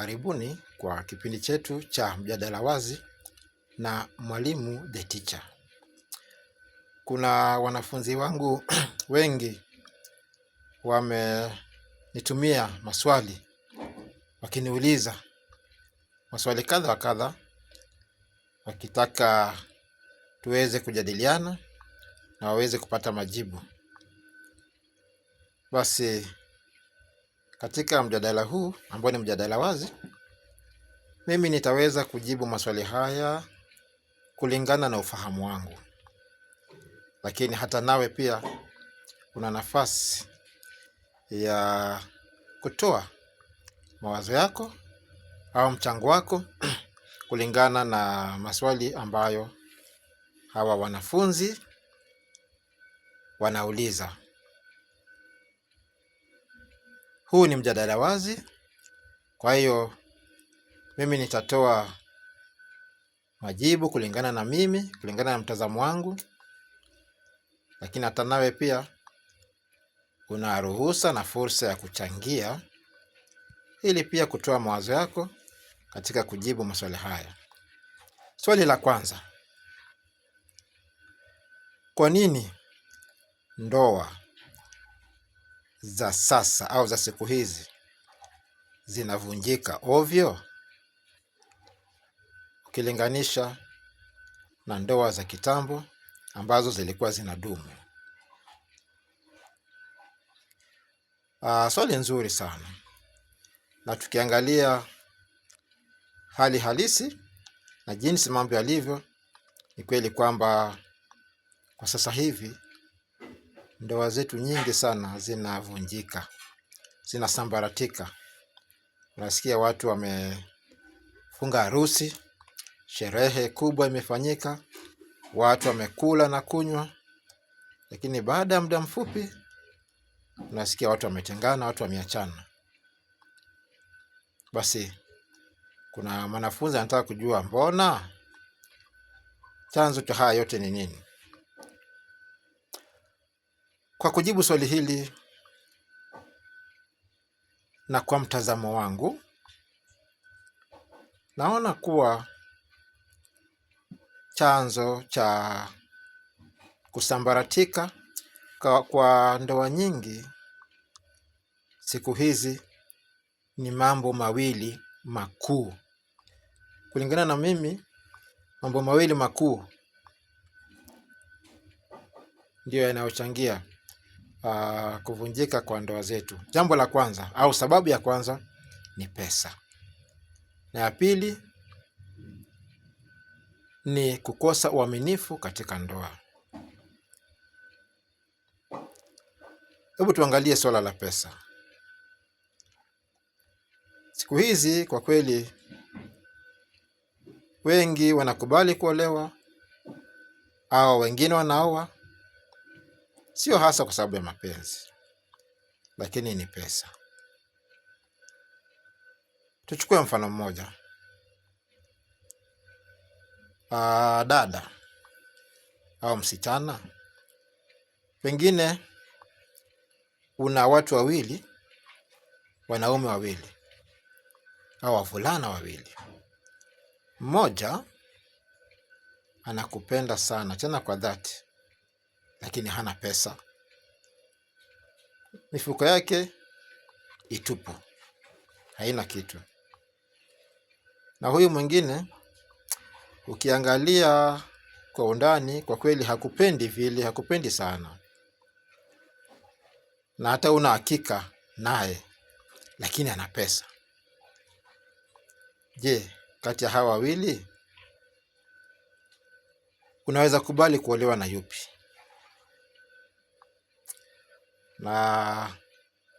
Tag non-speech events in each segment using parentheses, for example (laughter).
Karibuni kwa kipindi chetu cha mjadala wazi na mwalimu the teacher. Kuna wanafunzi wangu (clears throat) wengi wamenitumia maswali wakiniuliza maswali kadha wa kadha, wakitaka tuweze kujadiliana na waweze kupata majibu. Basi katika mjadala huu ambao ni mjadala wazi, mimi nitaweza kujibu maswali haya kulingana na ufahamu wangu, lakini hata nawe pia una nafasi ya kutoa mawazo yako au mchango wako (clears throat) kulingana na maswali ambayo hawa wanafunzi wanauliza. Huu ni mjadala wazi, kwa hiyo mimi nitatoa majibu kulingana na mimi, kulingana na mtazamo wangu, lakini hata nawe pia una ruhusa na fursa ya kuchangia ili pia kutoa mawazo yako katika kujibu maswali haya. Swali la kwanza, kwa nini ndoa za sasa au za siku hizi zinavunjika ovyo ukilinganisha na ndoa za kitambo ambazo zilikuwa zinadumu. Ah, swali nzuri sana, na tukiangalia hali halisi na jinsi mambo yalivyo, ni kweli kwamba kwa sasa hivi ndoa zetu nyingi sana zinavunjika, zinasambaratika. Unasikia watu wamefunga harusi, sherehe kubwa imefanyika, watu wamekula na kunywa, lakini baada ya muda mfupi unasikia watu wametengana, watu wameachana. Basi kuna mwanafunzi anataka kujua mbona, chanzo cha haya yote ni nini? Kwa kujibu swali hili na kwa mtazamo wangu, naona kuwa chanzo cha kusambaratika kwa, kwa ndoa nyingi siku hizi ni mambo mawili makuu. Kulingana na mimi, mambo mawili makuu ndiyo yanayochangia uh, kuvunjika kwa ndoa zetu. Jambo la kwanza au sababu ya kwanza ni pesa, na ya pili ni kukosa uaminifu katika ndoa. Hebu tuangalie swala la pesa. Siku hizi kwa kweli wengi wanakubali kuolewa au wengine wanaoa sio hasa kwa sababu ya mapenzi, lakini ni pesa. Tuchukue mfano mmoja. Aa, ah, dada au msichana, pengine una watu wawili, wanaume wawili au wavulana wawili. Mmoja anakupenda sana tena kwa dhati lakini hana pesa, mifuko yake itupu, haina kitu. Na huyu mwingine ukiangalia kwa undani, kwa kweli hakupendi vile, hakupendi sana, na hata una hakika naye, lakini ana pesa. Je, kati ya hawa wawili unaweza kubali kuolewa na yupi? na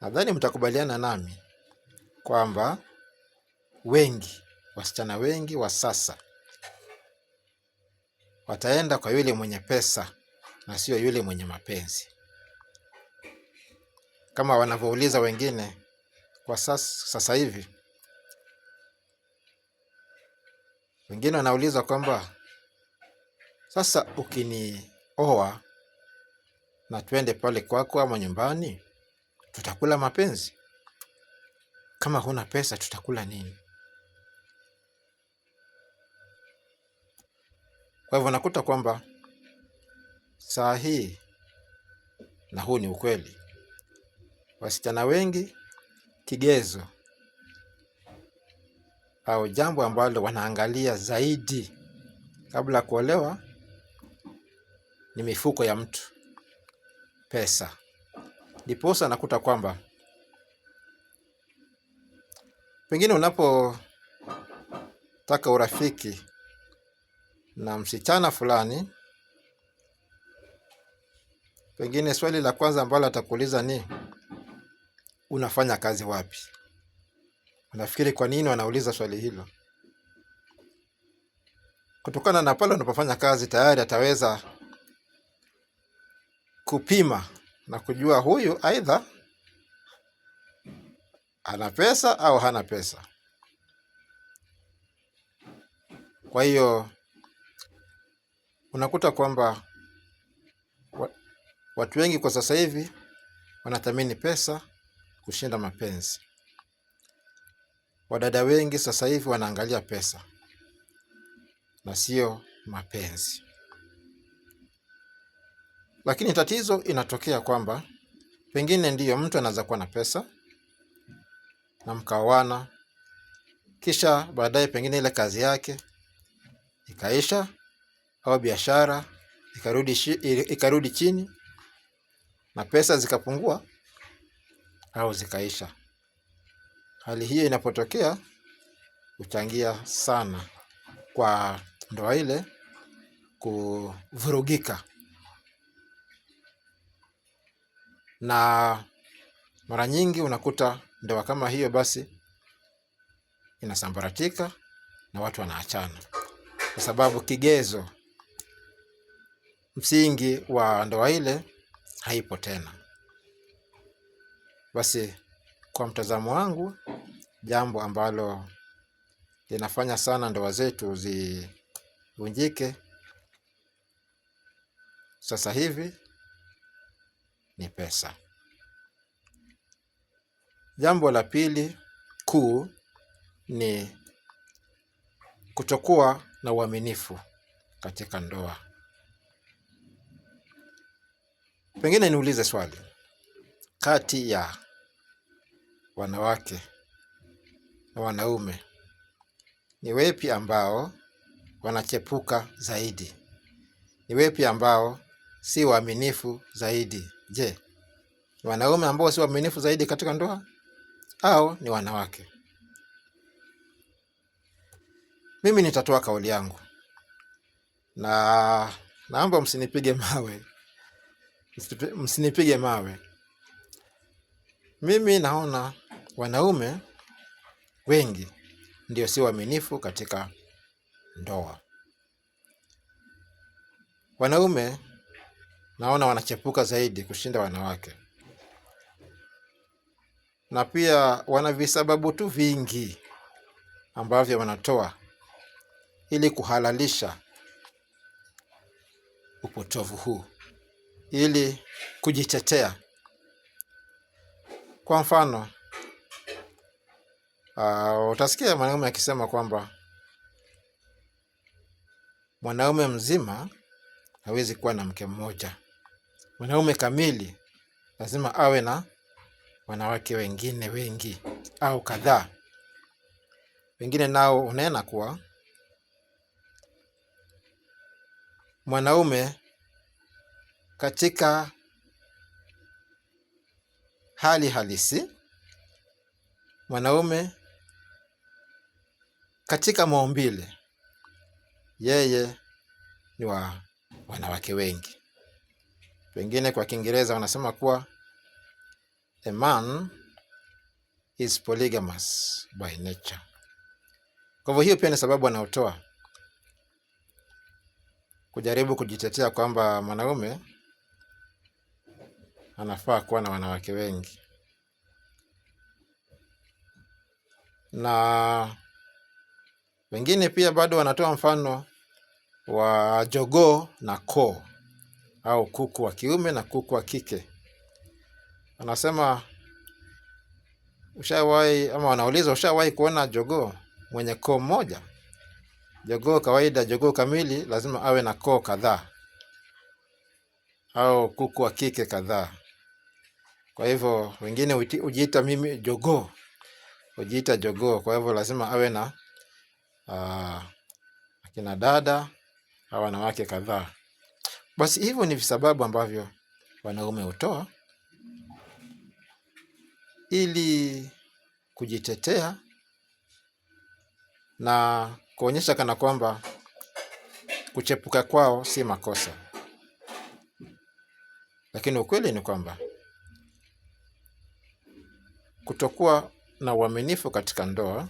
nadhani mtakubaliana nami kwamba wengi wasichana wengi wa sasa wataenda kwa yule mwenye pesa na sio yule mwenye mapenzi, kama wanavyouliza wengine kwa sasa. Sasa hivi wengine wanauliza kwamba sasa, ukinioa na twende pale kwako ama nyumbani, tutakula mapenzi? Kama huna pesa tutakula nini? Kwa hivyo nakuta kwamba saa hii, na huu ni ukweli, wasichana wengi kigezo au jambo ambalo wanaangalia zaidi kabla ya kuolewa ni mifuko ya mtu pesa. Ndiposa nakuta kwamba pengine unapotaka urafiki na msichana fulani, pengine swali la kwanza ambalo atakuuliza ni unafanya kazi wapi? Unafikiri kwa nini wanauliza swali hilo? Kutokana na pale unapofanya kazi tayari ataweza kupima na kujua huyu aidha ana pesa au hana pesa. Kwa hiyo unakuta kwamba watu wengi kwa sasa hivi wanathamini pesa kushinda mapenzi. Wadada wengi sasa hivi wanaangalia pesa na sio mapenzi. Lakini tatizo inatokea kwamba pengine ndiyo mtu anaweza kuwa na pesa na mkaoana, kisha baadaye pengine ile kazi yake ikaisha au biashara ikarudi ikarudi chini na pesa zikapungua au zikaisha. Hali hiyo inapotokea huchangia sana kwa ndoa ile kuvurugika. na mara nyingi unakuta ndoa kama hiyo basi inasambaratika na watu wanaachana, kwa sababu kigezo msingi wa ndoa ile haipo tena. Basi kwa mtazamo wangu, jambo ambalo linafanya sana ndoa zetu zivunjike sasa hivi ni pesa. Jambo la pili kuu ni kutokuwa na uaminifu katika ndoa. Pengine niulize swali, kati ya wanawake na wanaume ni wepi ambao wanachepuka zaidi? Ni wepi ambao si waaminifu zaidi? Je, wanaume ambao si waaminifu zaidi katika ndoa au ni wanawake? Mimi nitatoa kauli yangu na naomba msinipige mawe, msinipige mawe. Mimi naona wanaume wengi ndio si waaminifu katika ndoa. Wanaume naona wanachepuka zaidi kushinda wanawake, na pia wana visababu tu vingi ambavyo wanatoa ili kuhalalisha upotovu huu, ili kujitetea. Kwa mfano, uh, utasikia mwanaume akisema kwamba mwanaume mzima hawezi kuwa na mke mmoja Mwanaume kamili lazima awe na wanawake wengine wengi au kadhaa. Wengine nao unena kuwa mwanaume katika hali halisi, mwanaume katika maumbile, yeye ni wa wanawake wengi. Pengine kwa Kiingereza wanasema kuwa a man is polygamous by nature. Kwa hivyo hiyo pia ni sababu anaotoa kujaribu kujitetea kwamba mwanaume anafaa kuwa na wanawake wengi, na wengine pia bado wanatoa mfano wa jogoo na koo au kuku wa kiume na kuku wa kike. Anasema ushawahi ama wanauliza ushawahi kuona jogoo mwenye koo moja? Jogoo kawaida, jogoo kamili lazima awe na koo kadhaa au kuku wa kike kadhaa. Kwa hivyo wengine hujiita mimi jogoo, hujiita jogoo. Kwa hivyo lazima awe na uh, akina dada au wanawake kadhaa. Basi hivyo ni visababu ambavyo wanaume hutoa ili kujitetea na kuonyesha kana kwamba kuchepuka kwao si makosa, lakini ukweli ni kwamba kutokuwa na uaminifu katika ndoa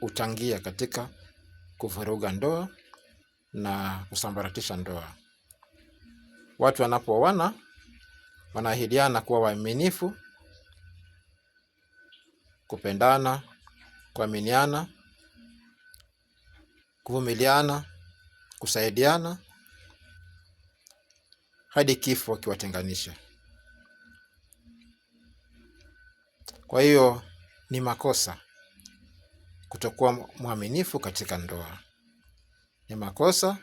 huchangia katika kuvuruga ndoa na kusambaratisha ndoa watu wanapoana wanaahidiana kuwa waaminifu, kupendana, kuaminiana, kuvumiliana, kusaidiana hadi kifo kiwatenganisha. Kwa hiyo ni makosa kutokuwa mwaminifu katika ndoa, ni makosa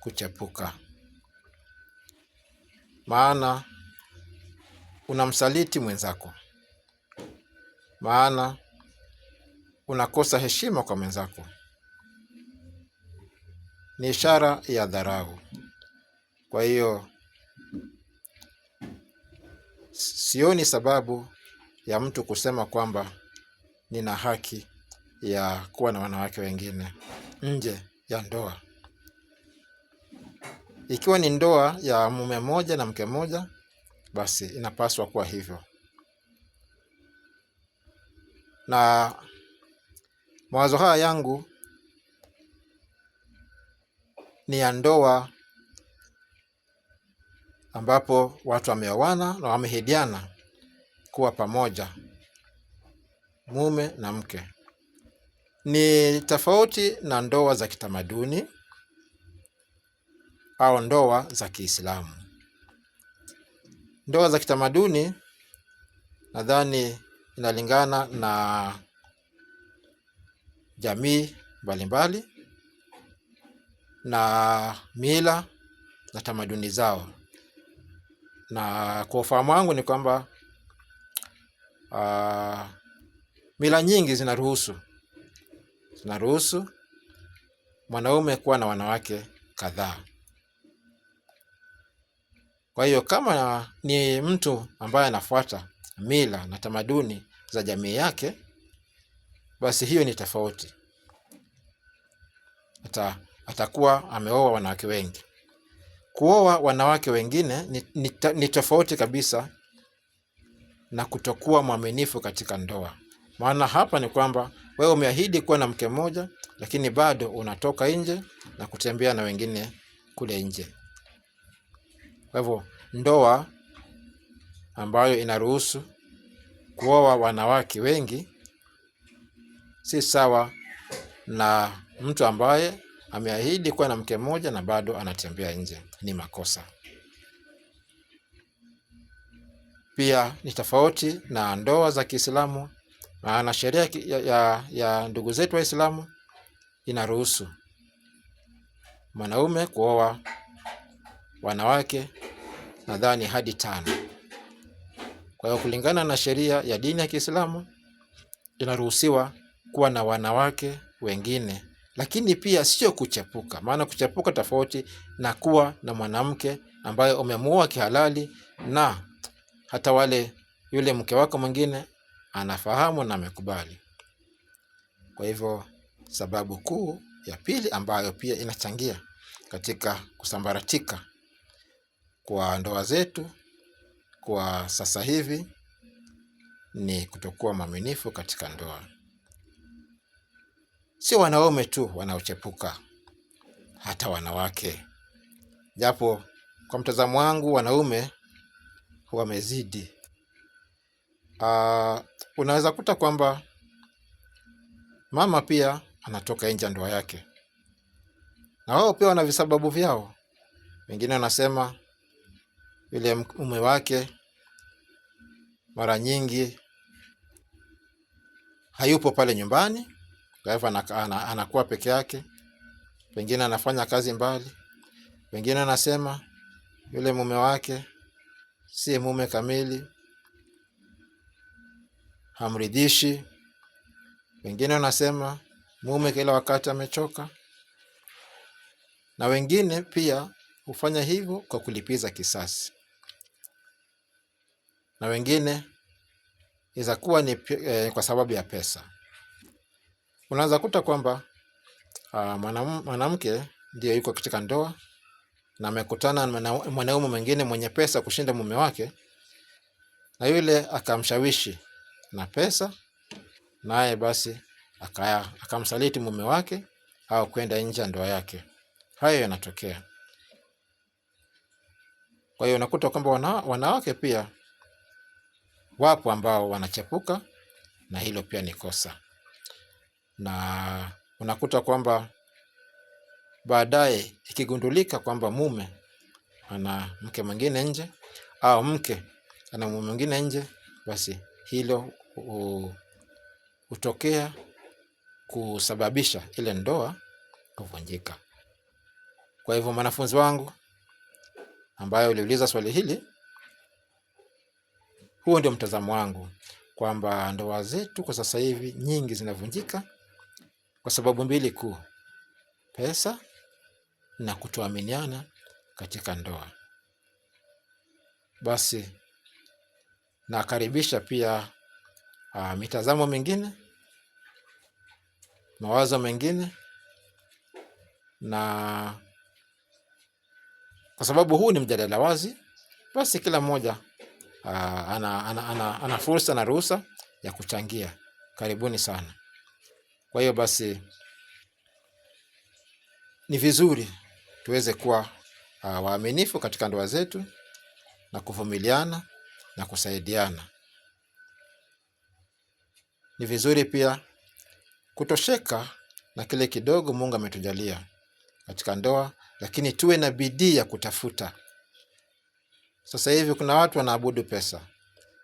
kuchepuka maana unamsaliti mwenzako, maana unakosa heshima kwa mwenzako. Ni ishara ya dharau. Kwa hiyo sioni sababu ya mtu kusema kwamba nina haki ya kuwa na wanawake wengine nje ya ndoa. Ikiwa ni ndoa ya mume mmoja na mke mmoja, basi inapaswa kuwa hivyo. Na mawazo haya yangu ni ya ndoa ambapo watu wameoana na wamehidiana kuwa pamoja, mume na mke. Ni tofauti na ndoa za kitamaduni au ndoa za Kiislamu. Ndoa za kitamaduni nadhani inalingana na jamii mbalimbali na mila na tamaduni zao, na kwa ufahamu wangu ni kwamba uh, mila nyingi zinaruhusu zinaruhusu mwanaume kuwa na wanawake kadhaa. Kwa hiyo kama ni mtu ambaye anafuata mila na tamaduni za jamii yake, basi hiyo ni tofauti, ata atakuwa ameoa wanawake wengi. Kuoa wanawake wengine ni, ni, ni tofauti kabisa na kutokuwa mwaminifu katika ndoa. Maana hapa ni kwamba wewe umeahidi kuwa na mke mmoja, lakini bado unatoka nje na kutembea na wengine kule nje. Kwa hivyo ndoa ambayo inaruhusu kuoa wanawake wengi si sawa na mtu ambaye ameahidi kuwa na mke mmoja na bado anatembea nje, ni makosa. Pia ni tofauti na ndoa za Kiislamu, maana sheria ya, ya, ya ndugu zetu Waislamu inaruhusu mwanaume kuoa wanawake nadhani hadi tano. Kwa hiyo kulingana na sheria ya dini ya Kiislamu inaruhusiwa kuwa na wanawake wengine, lakini pia sio kuchepuka, maana kuchepuka tofauti na kuwa na mwanamke ambaye umemuoa kihalali na hata wale yule mke wako mwingine anafahamu na amekubali. Kwa hivyo sababu kuu ya pili ambayo pia inachangia katika kusambaratika kwa ndoa zetu kwa sasa hivi ni kutokuwa mwaminifu katika ndoa. Sio wanaume tu wanaochepuka, hata wanawake, japo kwa mtazamo wangu wanaume wamezidi. Uh, unaweza kuta kwamba mama pia anatoka nje ya ndoa yake, na wao pia wana visababu vyao. Wengine wanasema yule mume wake mara nyingi hayupo pale nyumbani, kwa hivyo anakuwa peke yake, pengine anafanya kazi mbali, pengine anasema yule mume wake si mume kamili, hamridhishi. Wengine wanasema mume kila wakati amechoka, na wengine pia hufanya hivyo kwa kulipiza kisasi na wengine inaweza kuwa ni e, kwa sababu ya pesa. Unaweza kuta kwamba ah, mwanamke ndiye yuko katika ndoa na amekutana na mwanaume mwingine mwenye pesa kushinda mume wake, na yule akamshawishi na pesa, naye basi akaya akamsaliti mume wake au kwenda nje ya ndoa yake. Hayo yanatokea. Kwa hiyo unakuta kwamba wanawake pia Wapo ambao wanachepuka na hilo pia ni kosa, na unakuta kwamba baadaye ikigundulika kwamba mume ana mke mwingine nje au mke ana mume mwingine nje, basi hilo hutokea kusababisha ile ndoa kuvunjika. Kwa hivyo mwanafunzi wangu ambaye uliuliza swali hili huo ndio mtazamo wangu kwamba ndoa zetu kwa sasa hivi nyingi zinavunjika kwa sababu mbili kuu: pesa na kutoaminiana katika ndoa. Basi nakaribisha pia a, ah, mitazamo mingine, mawazo mengine, na kwa sababu huu ni mjadala wazi, basi kila mmoja uh, ana, ana, ana, ana fursa na ruhusa ya kuchangia. Karibuni sana. Kwa hiyo basi ni vizuri tuweze kuwa uh, waaminifu katika ndoa zetu na kuvumiliana na kusaidiana. Ni vizuri pia kutosheka na kile kidogo Mungu ametujalia katika ndoa, lakini tuwe na bidii ya kutafuta sasa hivi kuna watu wanaabudu pesa,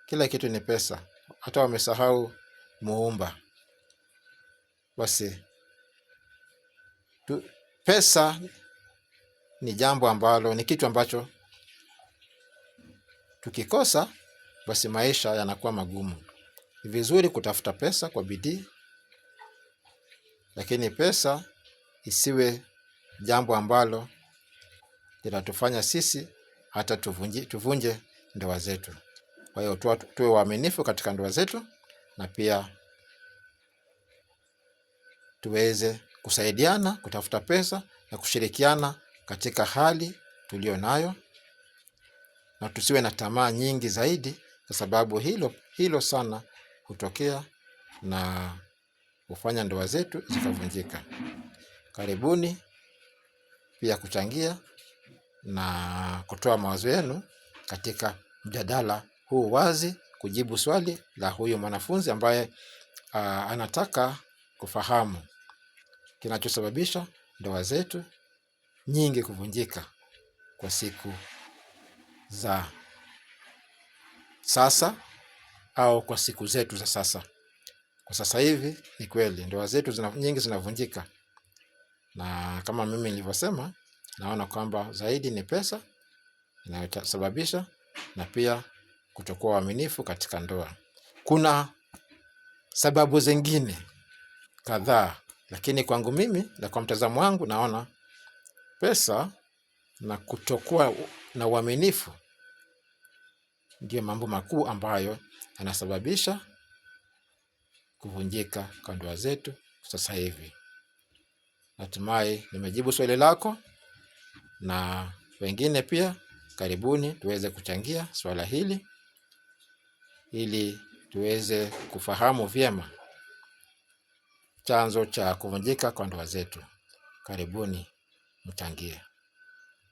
kila kitu ni pesa, hata wamesahau muumba. Basi tu, pesa ni jambo ambalo ni kitu ambacho tukikosa basi maisha yanakuwa magumu. Ni vizuri kutafuta pesa kwa bidii, lakini pesa isiwe jambo ambalo linatufanya sisi hata tuvunje, tuvunje ndoa zetu. Kwa hiyo tuwe waaminifu katika ndoa zetu na pia tuweze kusaidiana kutafuta pesa na kushirikiana katika hali tuliyo nayo, na tusiwe na tamaa nyingi zaidi, kwa sababu hilo hilo sana hutokea na hufanya ndoa zetu zikavunjika. Karibuni pia kuchangia na kutoa mawazo yenu katika mjadala huu wazi, kujibu swali la huyu mwanafunzi ambaye uh, anataka kufahamu kinachosababisha ndoa zetu nyingi kuvunjika kwa siku za sasa au kwa siku zetu za sasa. Kwa sasa hivi ni kweli ndoa zetu zina, nyingi zinavunjika, na kama mimi nilivyosema naona kwamba zaidi ni pesa inayosababisha na pia kutokuwa waaminifu katika ndoa. Kuna sababu zingine kadhaa, lakini kwangu mimi na kwa mtazamo wangu naona pesa na kutokuwa na uaminifu ndiyo mambo makuu ambayo yanasababisha kuvunjika kwa ndoa zetu sasa hivi. Natumai nimejibu swali lako na wengine pia karibuni tuweze kuchangia swala hili ili tuweze kufahamu vyema chanzo cha kuvunjika kwa ndoa zetu. Karibuni mchangie.